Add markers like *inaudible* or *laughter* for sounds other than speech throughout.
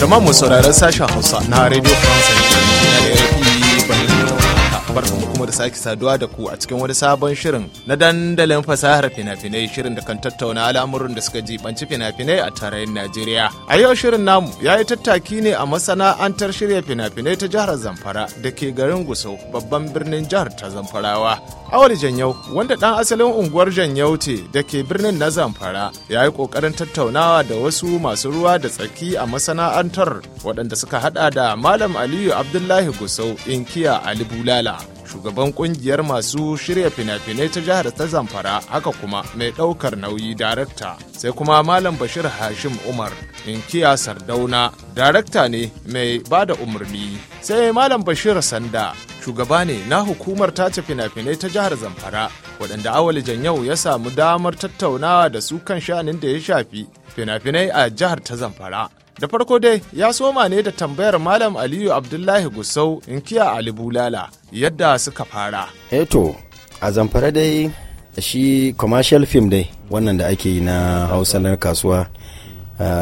jama'a mu sauraron sashen hausa na radio france international barkanku kuma da sake saduwa da ku a cikin wani sabon shirin na dandalin fasahar fina-finai shirin da kan tattauna al'amuran da suka jibanci fina-finai a tarayyar Najeriya. A yau shirin namu ya yi tattaki ne a masana'antar shirya fina-finai ta jihar Zamfara da ke garin Gusau babban birnin jihar ta Zamfarawa. Awali Janyau wanda ɗan asalin unguwar Janyau ce da ke birnin na Zamfara ya yi ƙoƙarin tattaunawa da wasu masu ruwa da tsaki a masana'antar waɗanda suka haɗa da Malam Aliyu Abdullahi Gusau Inkiya Ali Bulala shugaban kungiyar masu shirya fina-finai ta jihar ta zamfara haka kuma mai ɗaukar nauyi darakta sai kuma malam bashir hashim umar inkiya sardauna darakta ne mai ba da umarni sai malam bashir sanda shugaba ne na hukumar tace fina-finai ta jihar zamfara waɗanda awalijan yau ya samu damar tattaunawa da su kan shanin da ya shafi fina-finai a jihar ta zamfara Da farko dai ya soma ne da tambayar Malam Aliyu Abdullahi Gusau inkiya Ali Bulala yadda suka fara. Eto, eh a zamfara dai shi commercial film dai wannan da ake yi na hausa na kasuwa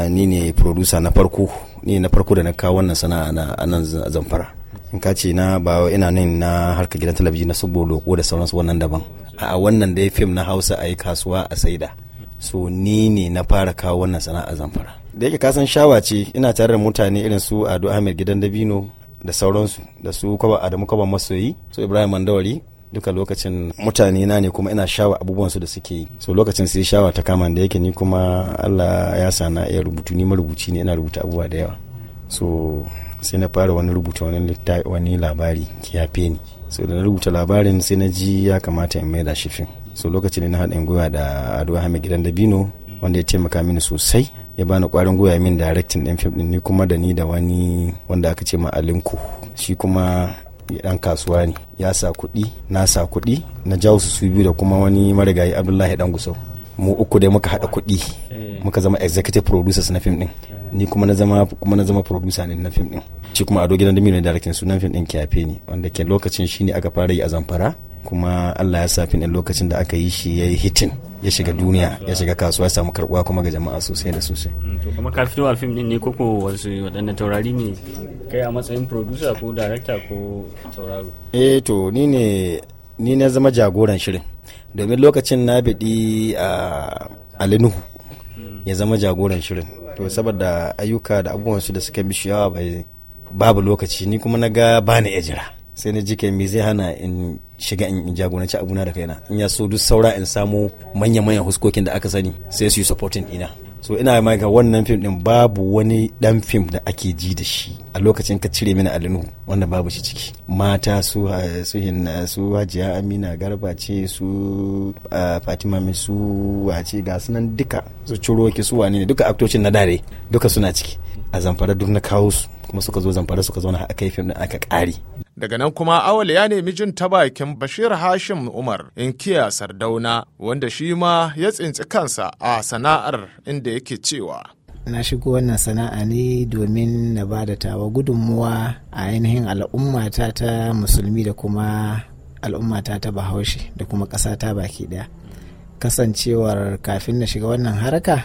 ni ne producer na farko ni na farko da na kawo wannan sana'a na anan zamfara in ka ce na ba ina nan na harka gidan talabijin na subo loko da sauransu wannan daban a wannan dai film na hausa a yi kasuwa a saida so ni ne na fara kawo wannan sana'a zamfara da yake kasan shawa ce ina tare da mutane irin su ado ahmed gidan dabino da sauransu da su kwaba adamu kwaba masoyi su ibrahim mandawari duka lokacin mutane na ne kuma ina shawa abubuwan su da suke yi so lokacin sai shawa ta kama da yake ni kuma allah ya sa na iya rubutu ni marubuci ne ina rubuta abubuwa da yawa so sai na fara wani rubuta wani, littafi wani labari kiyafe ni so da na rubuta labarin sai na ji ya kamata in maida shi fim so lokacin na haɗin gwiwa da ado ahmed gidan dabino wanda ya taimaka mini sosai ya bani kwarin gwiwa min directing din fim din ni kuma da ni da wani wanda aka ce ma Alinku shi kuma dan kasuwa ne ya sa kuɗi na sa kuɗi na jawo su su biyu da kuma wani marigayi Abdullahi dan gusau mu uku dai muka haɗa kuɗi eh. muka zama executive producers na fim din ni kuma na zama kuma na zama producer ne na fim din shi kuma dogidan Gidan Dami ne directing sunan fim din Kiyafe ne wanda ke lokacin shine aka fara yi a Zamfara kuma Allah ya sa fim din lokacin da aka yi shi yayi hitin ya shiga duniya ya shiga kasuwa ya samu karbuwa kuma ga jama'a sosai da sosai mm, to kuma ka fito a fim din ne koko wasu taurari ne kai a matsayin producer ko director ko tauraro eh to ni ne ni na zama jagoran shirin domin lokacin na biɗi a alinuhu ya zama jagoran shirin to saboda ayyuka da abubuwan su da suka bi yawa bai babu lokaci ni kuma na ga bani ya sai na jike me zai hana in shiga in jagoranci abuna da kaina in ya so duk saura in samo manya-manyan huskokin da aka sani sai su yi supporting ina so ina mai ga wannan fim din babu wani dan fim da ake ji da shi a lokacin ka cire mini alinu wanda babu shi ciki mata su eh, su hinna su hajiya amina garba ce su eh, fatima mai su wace ga sunan duka su ciro ki su wane ne duka aktocin na dare duka suna ciki a zamfara duk na kawo su kuma suka zo zamfara suka zauna aka yi fim din aka kare daga nan kuma awal ya nemi jin ta bakin bashir hashim umar in inkiya sardauna wanda shi ma ya tsinci kansa a sana'ar inda yake cewa na shigo wannan sana'a ne domin na ba da tawa gudunmuwa a ainihin al'ummata ta musulmi da kuma al'ummata ta bahaushe da kuma ƙasa ta baki ɗaya kasancewar kafin na shiga wannan haraka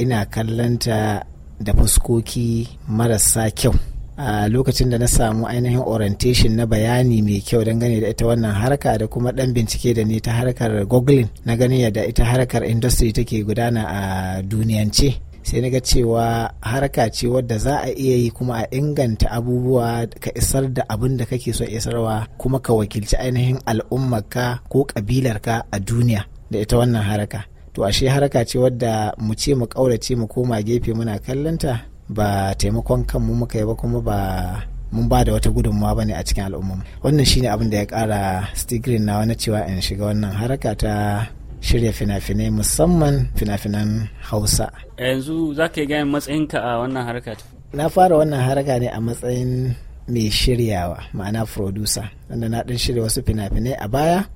ina kallanta da fuskoki marasa kyau a lokacin da na samu ainihin orientation na bayani mai kyau don gane da ita wannan harka da kuma dan bincike da ne ta harkar googling na ganin da ita harkar industry take gudana a duniyance sai na ga cewa harka ce wadda za a iya yi kuma a inganta abubuwa ka isar da abin da kake so isarwa kuma ka wakilci ainihin al'ummarka ko kabilarka a duniya da ita wannan haraka to ashe haraka ce wadda mu ce mu ƙaurace mu koma gefe muna kallonta ba taimakon kanmu muka yi ba kuma ba mun ba da wata gudunmawa ba ne a cikin al'umma wannan shine abin da ya kara stigrin na wani cewa in shiga wannan haraka ta shirya fina-finai musamman fina-finan hausa yanzu za ka yi gayan matsayinka a wannan haraka na fara wannan haraka ne a matsayin mai shiryawa ma'ana producer wanda na ɗan shirya wasu fina-finai a baya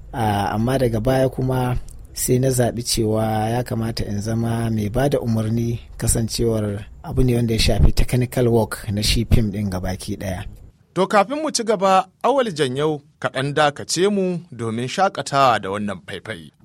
amma daga baya kuma sai na zaɓi cewa ya kamata in zama mai ba da umarni kasancewar abu ne wanda ya shafi technical work na shi fim ɗin gabaki ɗaya. To kafin mu ci gaba, awal janyau kaɗan dakace mu domin shakatawa da wannan faifai.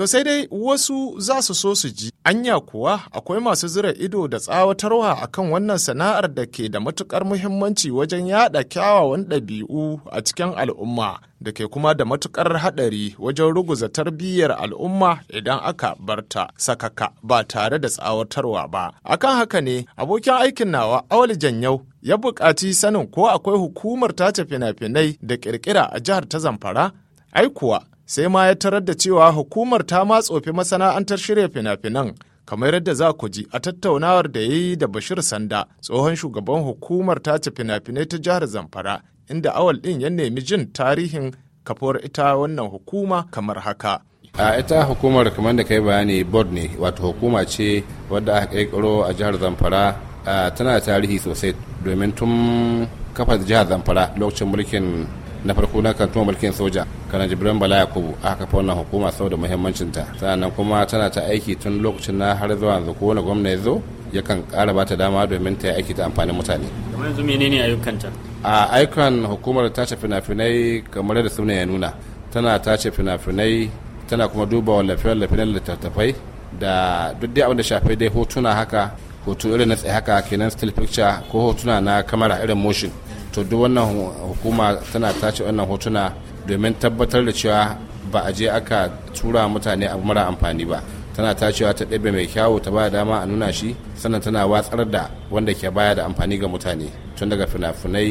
To sai dai wasu za su so su ji, anya kuwa akwai masu zira ido da tsawatarwa akan wannan sana'ar da ke da matukar muhimmanci wajen yada kyawawan ɗabi'u a cikin al'umma da ke kuma da matukar haɗari wajen ruguza tarbiyyar al'umma idan aka barta sakaka ba tare da tsawatarwa ba. Akan haka ne abokin aikin nawa Awali Janyau ya buƙaci sanin ko akwai hukumar tace fina-finai da ƙirƙira a jihar ta Zamfara? Ai kuwa sai ma ya tarar da cewa hukumar ta ma tsofi masana'antar shirya fina-finan kamar yadda za ku ji a tattaunawar da ya yi da bashir sanda tsohon shugaban hukumar tace fina-finai ta jihar zamfara inda awal din ya nemi jin tarihin kafuwar ita wannan hukuma kamar haka a ita hukumar kamar da kai bayani board ne wato hukuma ce wadda aka kirkiro a jihar zamfara tana tarihi sosai domin tun kafa jihar zamfara lokacin mulkin na farko na kantuma mulkin soja kana jibrin bala yakubu aka kafa wannan hukuma saboda muhimmancinta sannan kuma tana ta aiki tun lokacin na har zuwa yanzu wani gwamna ya zo yakan ƙara ta dama domin ta yi aiki ta amfanin mutane. kamar yanzu menene ayyukanta. a ayyukan hukumar ce fina-finai kamar da suna ya nuna tana ce fina-finai tana kuma duba wallafe-wallafe da littattafai da duk dai abin da shafi dai hotuna haka hoto irin na tsaye haka kenan still picture ko hotuna na kamera irin motion to duk wannan hukuma tana tace wannan hotuna domin tabbatar da cewa ba a je aka tura mutane a mara amfani ba tana tacewa ta ɗebe mai kyawu ta ba dama a nuna shi sannan tana watsar da wanda ke baya da amfani ga mutane tun daga fina-finai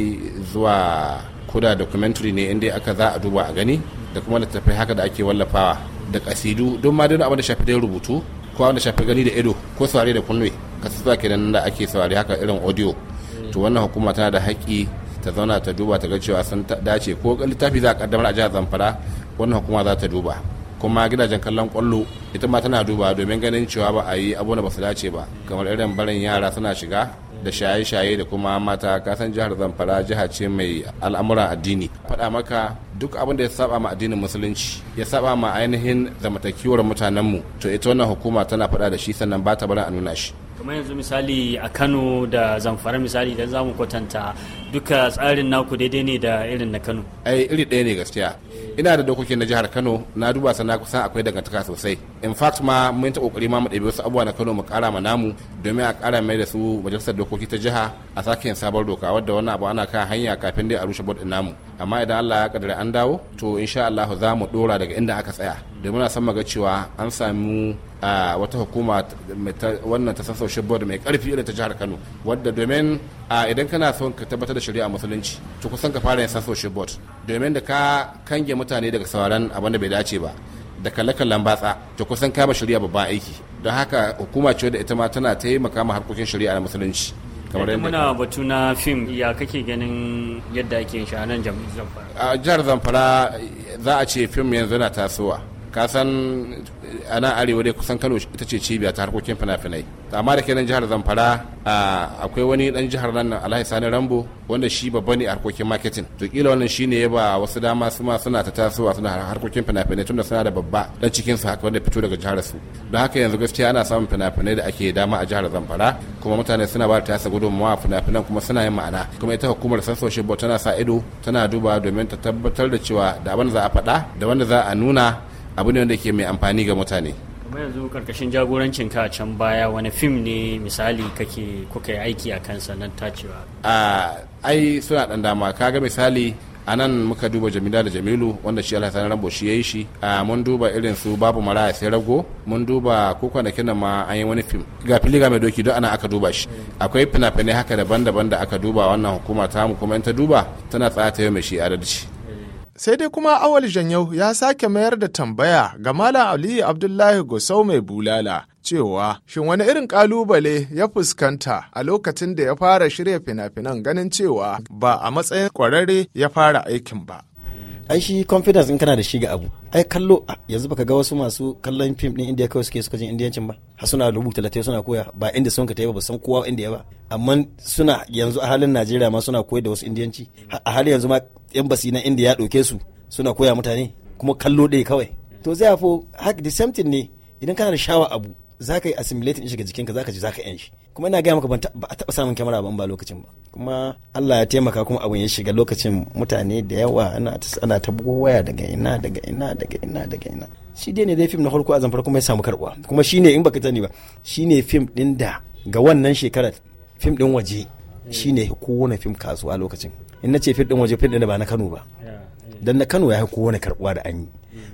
zuwa kuda documentary ne inda aka za a duba a gani da kuma littattafai haka da ake wallafawa da kasidu don ma duk abin da shafi dai rubutu ko abin da shafi gani da ido ko saurare da kunne kasuwa kenan da ake saurare haka irin audio to wannan hukuma tana da haƙƙi ta zauna ta duba ta ga cewa sun dace ko littafi za a kaddamar a jihar zamfara wannan hukuma za ta duba kuma gidajen kallon kwallo ita ma tana duba domin ganin cewa ba a yi abu ba su dace ba kamar irin barin yara suna shiga da shaye-shaye da kuma mata kasan jihar zamfara jiha ce mai al'amuran addini faɗa maka duk abin da ya saba ma addinin musulunci ya saba ma ainihin zamantakewar mutanenmu to ita wannan hukuma tana faɗa da shi sannan ba ta barin a nuna shi kamar yanzu misali a kano da zamfara misali idan za mu kwatanta duka tsarin naku daidai ne da irin na kano ai iri ɗaya ne gaskiya ina da dokokin na jihar kano na duba sana kusan akwai dangantaka sosai in fact ma mun ta kokari ma mu ɗabi wasu abubuwa na Kano mu ƙara ma namu domin a ƙara mai da su majalisar dokoki ta jiha a sake yin sabon doka wadda wannan abu ana kan hanya kafin dai a rushe board namu amma idan Allah ya kaddara an dawo to insha Allah za mu dora daga inda aka tsaya domin a san ga cewa an samu wata hukuma wannan ta sassaushe bod mai karfi irin ta jihar Kano wadda domin idan kana son ka tabbatar da shari'a musulunci to kusan ka fara yin sassaushe bod domin da ka kange mutane daga sauran abin da bai dace ba da kalle-kallen batsa ta kusan kama shari'a babban aiki don haka hukuma ce da ita ma tana taimaka ma harkokin shari'a na musulunci kamar eh, yadda muna batu na fim ya kake ganin yadda ake shi a nan jihar zamfara a jihar zamfara za a ce fim yanzu na tasowa kasan a nan arewa dai kusan kano ita ce cibiya ta harkokin fina-finai amma da kenan jihar zamfara akwai wani dan jihar nan alhaji sani rambo wanda shi babba ne a harkokin marketing to kila wannan shine ya ba wasu dama su ma suna ta tasowa suna harkokin fina-finai tunda suna da babba dan cikin su haka wanda fito daga jihar su don haka yanzu gaskiya ana samun fina-finai da ake dama a jihar zamfara kuma mutane suna ba ta yasa gudunmawa fina-finan kuma suna yin ma'ana kuma ita hukumar censorship tana sa ido tana duba domin ta tabbatar da cewa da abin za a faɗa da wanda za a nuna abu ne wanda ke mai amfani ga mutane kamar yanzu karkashin jagorancin ka can baya wani fim ne misali kake kuka yi aiki a kansa nan tacewa a ai suna dan dama kaga misali a nan muka duba jamila da jamilu wanda shi alhassan rambo shi ya yi shi a mun duba irin su babu maraya sai rago mun duba ko kwanakin nan ma an yi wani fim ga filiga mai doki don ana aka duba shi akwai fina-finai haka daban-daban da aka duba wannan hukuma ta mu kuma in ta duba tana tsaya ta yau mai shi adalci sai dai kuma awal janyau ya sake mayar da tambaya ga malam aliyu abdullahi gusau mai bulala cewa shin wani irin kalubale ya fuskanta a lokacin da ya fara shirya fina-finan ganin cewa ba a matsayin kwararre ya fara aikin ba ai shi confidence in kana da shi ga abu ai kallo yanzu baka ga wasu masu kallon fim din indiya kawai suke suka jin indiyancin ba har suna rubuta latai suna koya ba inda sun ka ta yi ba san kowa inda ya ba amma suna yanzu a halin najeriya ma suna koyar da wasu indiyanci a halin yanzu ma embassy na india ya dauke su suna koya mutane kuma kallo ɗaya kawai to zai hafo haka the same thing ne idan kana da shawa abu za ka yi assimilating shi ga jikinka za ka ji za ka yan shi kuma ina gaya maka ba a taɓa samun kyamara ban ba lokacin ba kuma Allah ya taimaka kuma abin ya shiga lokacin mutane da yawa ana ana ta bugo waya daga ina daga ina daga ina daga ina shi dai ne dai fim na farko a zamfara kuma ya samu karbuwa kuma shine in baka sani ba shine fim din da ga wannan shekarar fim din waje shine kowane fim kasuwa lokacin in na ce fim din waje fim din da ba na Kano ba dan na Kano ya kowane karbuwa da an yi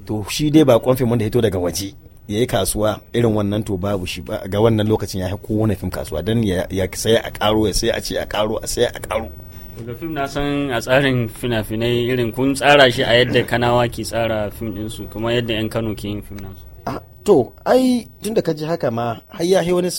to shi dai ba kwan fim wanda ya to daga waje ya yi kasuwa irin wannan to babu shi ba ga wannan lokacin ya wani fim kasuwa don ya sai a karo ya sai a ce a karo a sai a karo da fim na san a tsarin fina-finai irin kun tsara shi a yadda kanawa ke tsara fim ɗinsu kuma yadda 'yan kano ke yin fim nasu to ai tun da ka ji haka ma har ya wani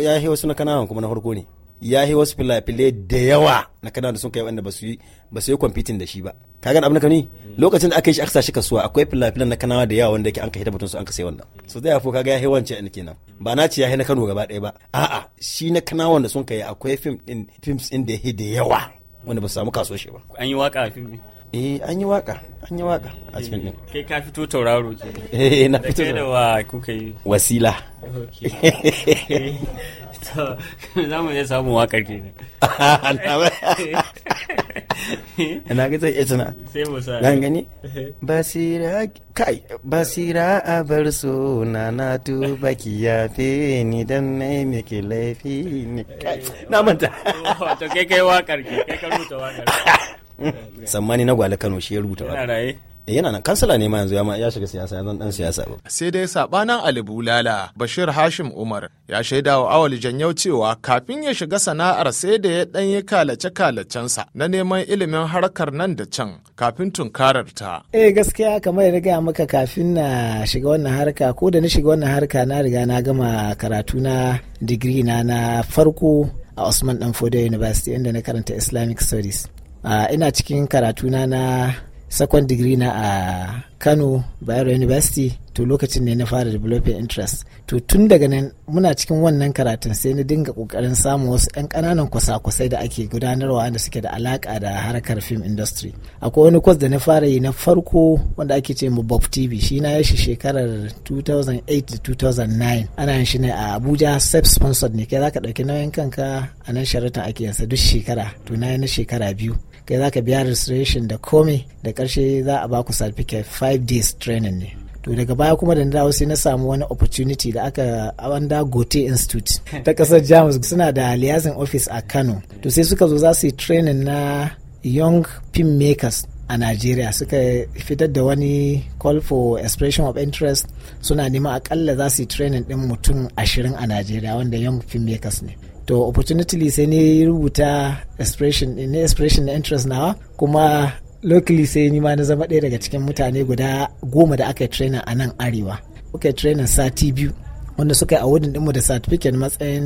ya wasu na kanawa kuma na farko ne ya wasu fila-filai da yawa na kanawa da sun kai wanda ba su yi ba su yi kwamfitin da shi ba ka ga abin da kani lokacin da aka yi shi aka sa shi kasuwa akwai filafilan na kanawa da yawa wanda yake an kai batun su an kai wannan so zai ka kaga ya hewance ne kenan ba na ce ya na Kano gaba ɗaya ba a'a shi na kanawa da sun kai akwai film din films din da da yawa wanda ba su samu kaso shi ba an yi waka a film ne eh an yi waka an yi waka a cikin din eh, kai ka fito tauraro ke eh na fito da wa kuka yi wasila *laughs* *laughs* za mu je samu wakar kenan *laughs* ana *laughs* ga zai tuna sai musa nan gani eh. basira kai basira a bar so na na ya fe ni dan nai miki laifi ne na manta to kai kai wakar ki kai ka rubuta wakar *laughs* sammani na gwale Kano shi ya rubuta wakar Eh, yana nan kansala ne ma yanzu ya shiga siyasa yanzu dan siyasa ba sai dai sabanan Ali Bulala Bashir Hashim Umar ya shaida wa Awali Janyau cewa kafin ya shiga sana'ar sai da ya dan yi kalace kalacensa na neman ilimin harkar nan da can kafin tunkarar ta eh gaskiya kamar ya gaya maka kafin na shiga wannan harka ko da na shiga wannan harka na riga na gama karatu na digiri na na farko a Usman Danfodio University inda na karanta Islamic Studies ah, ina cikin karatu na second degree na a kano bayero university to lokacin ne na fara developing interest to tun daga nan muna cikin wannan karatun sai na dinga kokarin samun wasu 'yan kananan kwasa-kwasai da ake gudanarwa da suke da alaka da harkar film industry akwai wani kwas da na fara yi na farko wanda ake ce mu bob tv shi na yashi shekarar 2008-2009 ana yin shi ne a abuja self sponsored ne kai zaka dauki nauyin kanka a nan sharatin ake yansa duk shekara to na yi na shekara biyu kai zaka biya registration da komai da karshe za a baku certificate 5 days training ne to daga baya kuma da na dawo sai na samu wani opportunity da aka wanda gote institute ta kasar jamus suna da liaison office a kano to sai suka zo za su yi training na young film makers a nigeria suka fitar da wani call for expression of interest suna nema akalla za su yi training din mutum ashirin a nigeria wanda young film makers ne. To opportunity sai ne rubuta expression ne expression interest nawa kuma locally sai ni ma na zama ɗaya daga cikin mutane guda goma da aka yi trainer a nan arewa muka yi trainer sati biyu wanda suka yi a wurin ɗinmu da certificate matsayin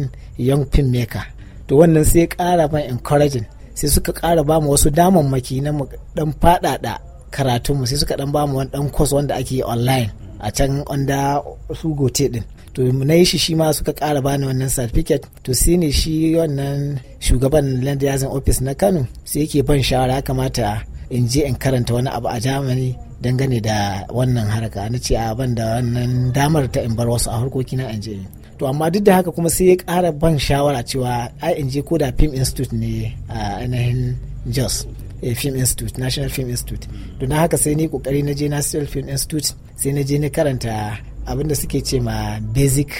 young film maker to wannan sai ƙara ban encouraging sai suka ƙara ba mu wasu damammaki na mu dan faɗaɗa karatunmu sai suka dan ba mu wani dan course wanda ake yi online a can onda su gote din to na yi shi shi ma suka kara bani wannan certificate to sai ne shi wannan shugaban landazin office na kano sai yake ban shawara kamata in je in karanta wani abu a jamani dangane da wannan haraka na ce a ban da wannan damar ta in bar wasu a harkokina in je to amma duk da haka kuma sai ya kara ban shawara cewa ai in je ko da film institute ne a ainihin jos eh, film institute national film institute don haka sai ni kokari na je national film institute sai na je na karanta abin da suke ce ma basic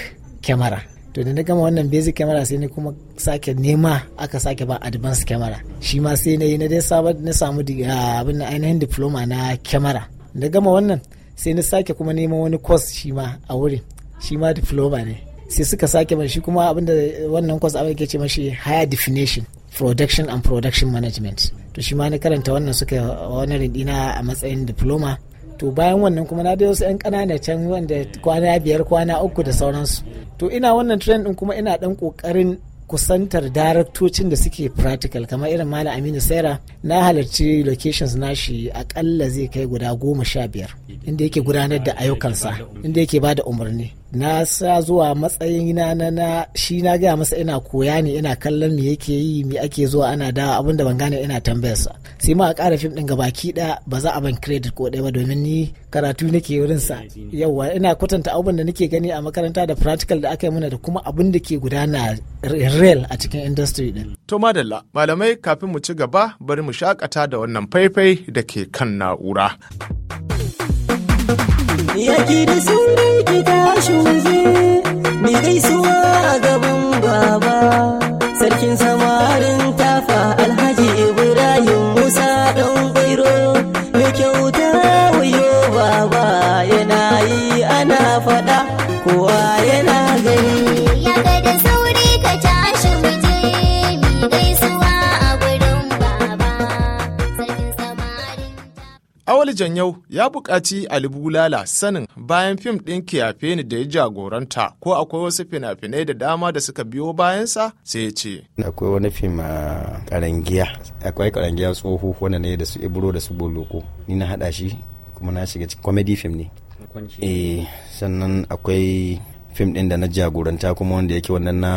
camera to da na gama wannan basic camera sai ni kuma sake nema aka sake ba advanced camera shi ma sai na yi na dai sabon na samu ah, abin ainihin diploma na camera da gama wannan sai na sake kuma neman wani course shi ma a wurin shi ma diploma ne sai suka sake ba shi kuma abinda wannan course abin ke ce mashi higher definition production and production management to shi ma na karanta wannan suka wani dina a matsayin diploma to bayan wannan kuma na da wasu 'yan kanana can wanda kwana biyar kwana uku da sauransu to ina wannan trend din kuma ina dan kokarin kusantar daraktocin da suke practical kamar irin malam aminu sera na halarci locations nashi akalla zai kai guda goma sha biyar inda yake gudanar da ayyukansa inda yake ba da umarni na sa zuwa matsayin na na na shi na gaya masa ina koya ne ina kallon me yake yi me ake zuwa ana dawa abin da ban gane ina tambayar sa sai ma a ƙara fim ɗin gabaki ɗaya ba za a ban credit ko ɗaya ba domin ni karatu nake wurin sa yauwa ina kwatanta abun da nake gani a makaranta da practical da aka yi mana da kuma abin da ke gudana real a cikin industry din. To madalla malamai kafin mu ci gaba bari mu shakata da wannan faifai da ke kan na'ura. Ya sun gida yau ya buƙaci Ali Bulala sanin bayan fim ɗin Kiyafeni da ya jagoranta ko akwai wasu fina-finai da dama da suka biyo bayansa sai ya ce. Akwai wani fim a Karangiya, akwai Karangiya tsoho wanda ne da su Ibro da su Boloko, ni na haɗa shi kuma na shiga cikin comedy film ne. Eh sannan akwai fim din da na jagoranta kuma wanda yake wannan na,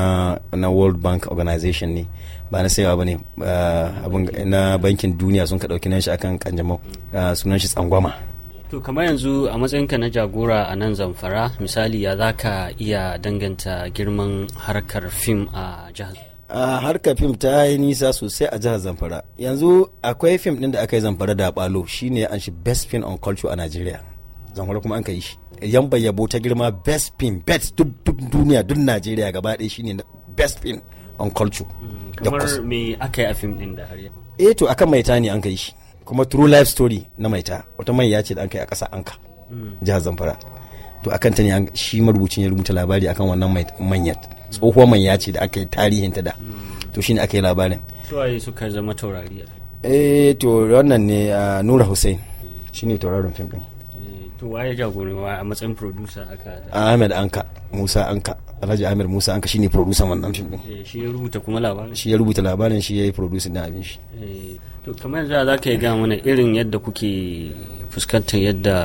na world bank organization ne ba na sayawa ba ne ah, na bankin duniya sun ka ɗauki nan shi akan kanjamau ah, sunan shi tsangwama to kamar yanzu a matsayin ka na jagora a nan zamfara misali ya za ka iya danganta girman harkar fim a jihar a ah, harkar fim ta yi nisa sosai a jihar zamfara yanzu akwai fim din da aka yi zamfara da balo shine an shi best film on culture a nigeria zamfara kuma an ka yi shi yamba yabo ta girma best pin best duk duniya duk najeriya gaba ɗaya shine best pin on culture hmm, kamar me aka yi a fim din da har yau eh to akan maita ne an kai shi kuma true life story na maita wata mai ya ce da an kai a ƙasa anka hmm. jihar zamfara to akan ta ne shi marubucin ya rubuta labari akan wannan manyan tsohuwar manya ce da aka yi tarihinta da hmm. to shine aka yi labarin suwaye suka zama taurari eh to wannan ne ah, nura hussein shine tauraron fim din to waye wa a matsayin producer aka Ahmed Anka Musa Anka Alhaji Ahmed Musa Anka shine producer wannan fim eh, shi ya rubuta kuma labarin shi ya rubuta labarin shi ya yi producing din abin shi eh, to kamar yanzu za ka yi gaya mana irin yadda kuke fuskantar yadda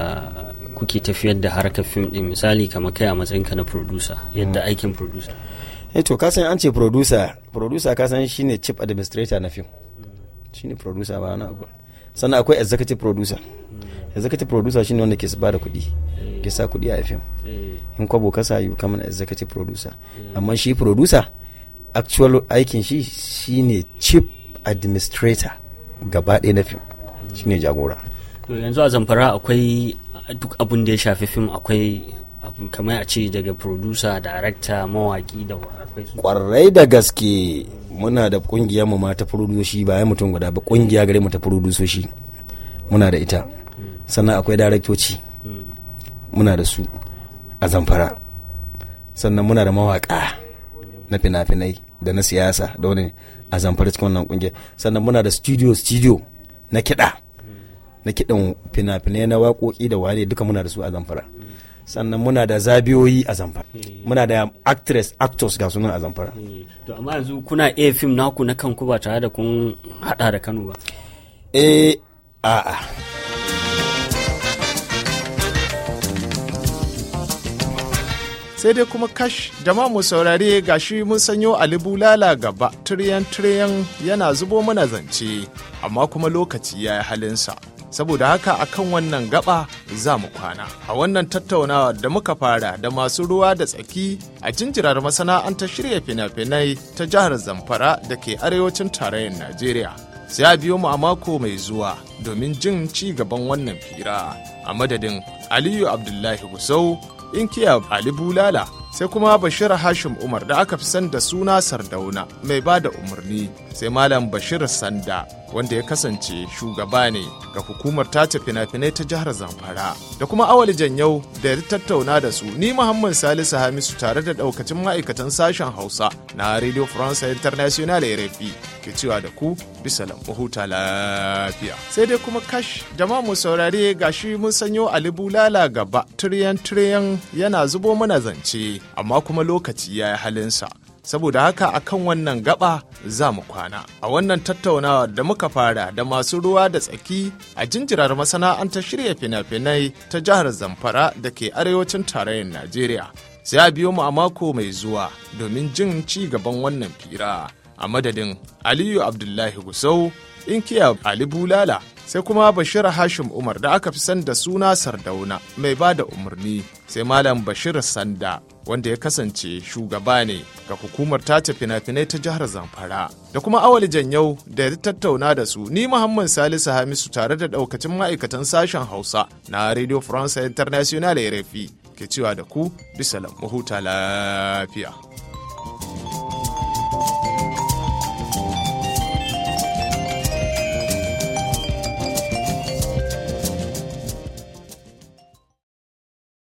kuke tafiyar da harkar fim din misali kamar kai a matsayin ka na producer yadda hmm. aikin producer eh to kasan an ce producer producer kasan shine chief administrator na fim hmm. shine producer ba na sannan akwai executive producer hmm. executive producer shine wanda ke ba da kuɗi eh. ke sa kuɗi a fim eh. in kwabo kasa you become an executive producer amma shi producer actual aikin shi shine chief administrator gaba ɗaya na fim shine jagora yanzu a zamfara akwai duk abun da ya shafi fim akwai kamar a ce daga producer director mawaki da akwai kwarai da gaske muna da kungiyar mu ma ta furudoshi ba mutum guda ba kungiya gare mu ta furudoshi muna da ita sannan akwai daraktoci muna da su a zamfara sannan muna da mawaka na fina-finai da na siyasa da wani a zamfara cikin wannan kungiyar sannan muna da studio studio na kiɗa na kiɗan fina-finai na waƙoƙi da wane duka muna da su a zamfara sannan muna da zabiyoyi a zamfara muna da actress actors ga sunan a zamfara to amma yanzu kuna iya fim naku na kanku ba tare da kun hada da kano ba eh a'a sai dai kuma kash jama mu saurare shi mun sanyo Ali Bulala gaba tiriyan tiriyan yana zubo mana zance amma kuma lokaci ya yi halinsa. Saboda haka akan wannan gaba za mu kwana. A wannan tattaunawa da muka fara da masu ruwa da tsaki a jinjirar masana'antar shirya fina-finai ta jihar Zamfara da ke arewacin tarayyar Najeriya. sai a biyo mu a mako mai zuwa domin jin ci gaban wannan fira a madadin aliyu abdullahi gusau inkiya ali bulala sai kuma bashir hashim umar da aka fi san da suna sardauna mai ba da umarni sai malam bashir sanda wanda ya kasance shugaba ne ga hukumar tace fina-finai ta jihar zamfara da kuma awali janyau da ya tattauna da su ni muhammad salisu hamisu tare da daukacin ma'aikatan sashen hausa na radio france international rfi ke cewa da ku bisa huta lafiya sai dai kuma kash jama'a mu saurare gashi mun sanyo ali bulala gaba tiriyan tiriyan yana zubo mana zance amma kuma lokaci ya yi halinsa saboda haka akan wannan gaba za mu kwana a wannan tattaunawa da muka fara da masu ruwa da tsaki a jinjirar masana'antar shirya fina-finai ta jihar zamfara da ke arewacin tarayyar najeriya sai a biyo mu a mako mai zuwa domin jin ci gaban wannan fira a madadin aliyu abdullahi gusau inkiya ali bulala sai kuma bashir hashim umar da aka fi san da suna sardauna mai ba da umarni sai malam bashir sanda wanda ya kasance shugaba ne ga hukumar tace fina-finai ta jihar zamfara da kuma awali janyau da ya tattauna da su ni muhammad salisu hamisu tare da ɗaukacin ma'aikatan sashen hausa na radio france international rfi ke cewa da ku bisa lafiya